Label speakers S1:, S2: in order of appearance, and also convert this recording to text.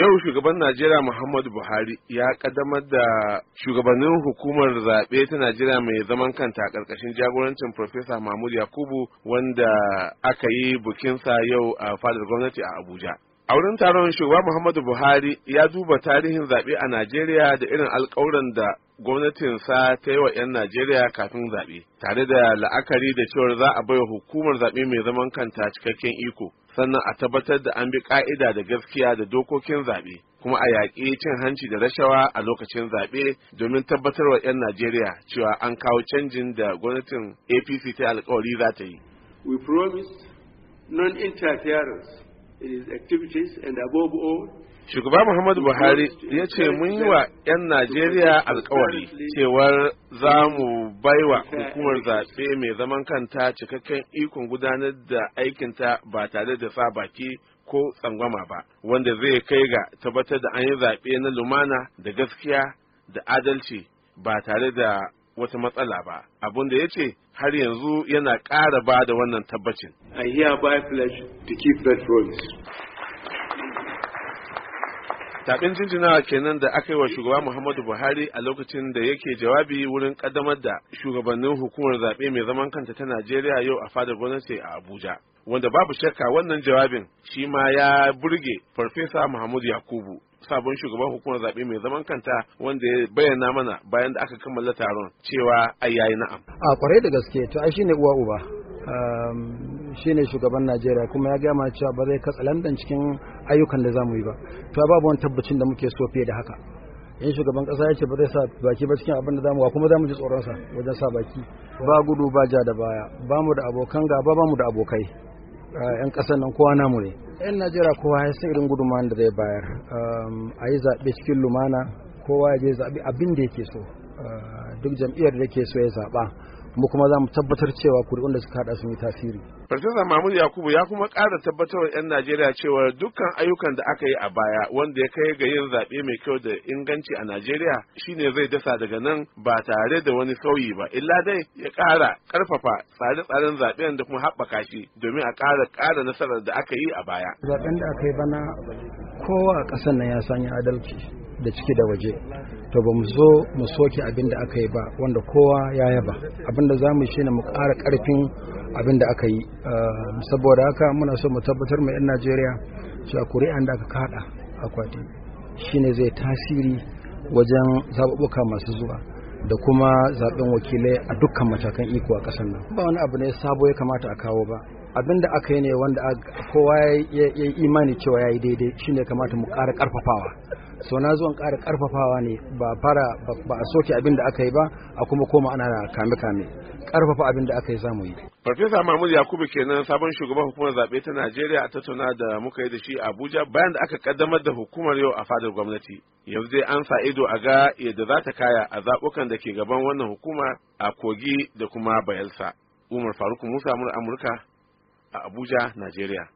S1: yau shugaban najeriya muhammadu buhari ya kaddamar da shugabannin hukumar zaɓe ta najeriya mai zaman kanta a ƙarƙashin jagorancin Profesa mahmud yakubu wanda aka yi bukinsa yau a fadar gwamnati a abuja a wurin taron shugaba muhammadu buhari ya duba tarihin zaɓe a najeriya da irin alƙawuran da gwamnatinsa ta yi wa 'yan najeriya kafin zaɓe tare da la'akari da cewar za a baiwa hukumar zaɓe mai zaman kanta cikakken iko sannan a tabbatar da an bi ka'ida da gaskiya da dokokin zaɓe kuma a yaƙi cin hanci da rashawa a lokacin zaɓe domin tabbatarwa 'yan Najeriya cewa an kawo canjin da gwamnatin APC ta alkawari za ta yi. We promise non-interference in his activities and above all shugaba muhammadu buhari ya ce mun yi wa 'yan najeriya alkawari cewar za mu bai wa hukumar zaɓe mai zaman kanta cikakken ikon gudanar da aikinta ba tare da sa baki ko tsangwama ba wanda zai kai ga tabbatar da an yi zaɓe na lumana da gaskiya da adalci ba tare da wata matsala ba abun da ya ce har yanzu yana ƙara ba da wannan tabbacin. I hereby pledge to keep that Taɓin jinjinawa kenan da aka yi wa shugaba Muhammadu Buhari a lokacin da yake jawabi wurin ƙaddamar da shugabannin hukumar zaɓe mai zaman kanta ta Najeriya yau a fadar gwamnati a Abuja. Wanda babu shakka wannan jawabin shi ma ya burge Farfesa Muhammadu Yakubu sabon shugaban hukumar zaɓe mai zaman kanta wanda ya bayyana mana bayan da aka kammala taron cewa ai na'am.
S2: A kwarai da gaske to ai shine uwa uba. shine shugaban Najeriya kuma ya gama cewa ba zai katsa landan cikin ayyukan da zamu yi ba to babu wani tabbacin da muke so fiye da haka in shugaban kasa ya ce ba zai sa baki ba cikin abin da zamu wa kuma zamu ji tsoron sa wajen sa baki ba gudu ba ja da baya ba mu da abokan gaba ba mu da abokai yan ah, kasan nan kowa namu ne yan Najeriya kowa ya san irin gudunmawar da zai bayar a yi zaɓe cikin lumana kowa ya je zaɓi abin da yake so ah, duk jam'iyyar da yake so ya zaɓa mu kuma za mu tabbatar cewa kuri'un da suka hada sun yi tasiri.
S1: Farfesa Mahmud Yakubu ya kuma ƙara tabbatarwa 'yan Najeriya cewa dukkan ayyukan da aka yi a baya wanda ya kai ga yin zaɓe mai kyau da inganci a Najeriya shine zai dasa daga nan ba tare da wani sauyi ba illa dai ya ƙara ƙarfafa tsare-tsaren zaɓen da kuma haɓaka shi domin a ƙara ƙara nasarar da aka yi a baya.
S2: Zaɓen da aka yi bana kowa a ƙasar nan ya sanya adalci. da ciki da waje to ba mu zo mu soke abin da aka yi ba wanda kowa ya yaba abin da za mu shi ne mu ƙara ƙarfin abin da aka yi ah, saboda haka muna so mu tabbatar mai 'yan najeriya a kuri'an da aka kaɗa akwati shine zai tasiri wajen zaɓuɓɓuka masu zuwa da kuma zaɓen wakilai a dukkan matakan iko a ƙasar nan ba wani abu ne sabo ya kamata a kawo ba abin da aka yi ne wanda kowa ya yi imani cewa ya yi daidai shine kamata mu ƙara ƙarfafawa so na zuwan ƙara ƙarfafawa ne ba fara ba a soke abin da aka yi ba a kuma koma ana kame kame ƙarfafa abin da aka yi zamu yi
S1: Farfesa Mahmud Yakubu kenan sabon shugaban hukumar zaɓe ta Najeriya a tattauna da muka yi da shi a Abuja bayan da aka kaddamar da hukumar yau a fadar gwamnati. Yanzu zai an sa ido a ga yadda za ta kaya a zaɓukan da ke gaban wannan hukuma a Kogi da kuma Bayelsa. Umar Faruk Musa Amurka a Abuja, Najeriya.